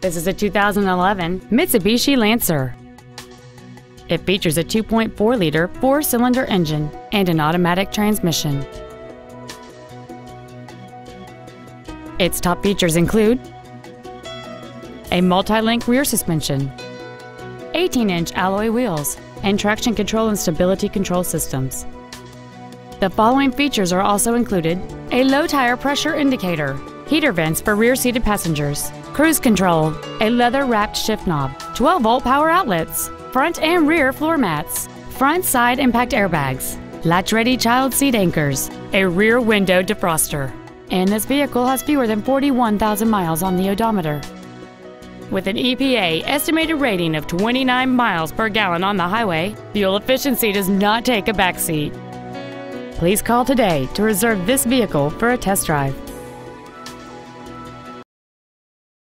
This is a 2011 Mitsubishi Lancer. It features a 2.4-liter four-cylinder engine and an automatic transmission. Its top features include a multi-link rear suspension, 18-inch alloy wheels, and traction control and stability control systems. The following features are also included a low tire pressure indicator, heater vents for rear seated passengers, cruise control, a leather wrapped shift knob, 12 volt power outlets, front and rear floor mats, front side impact airbags, latch ready child seat anchors, a rear window defroster. And this vehicle has fewer than 41,000 miles on the odometer. With an EPA estimated rating of 29 miles per gallon on the highway, fuel efficiency does not take a backseat. Please call today to reserve this vehicle for a test drive.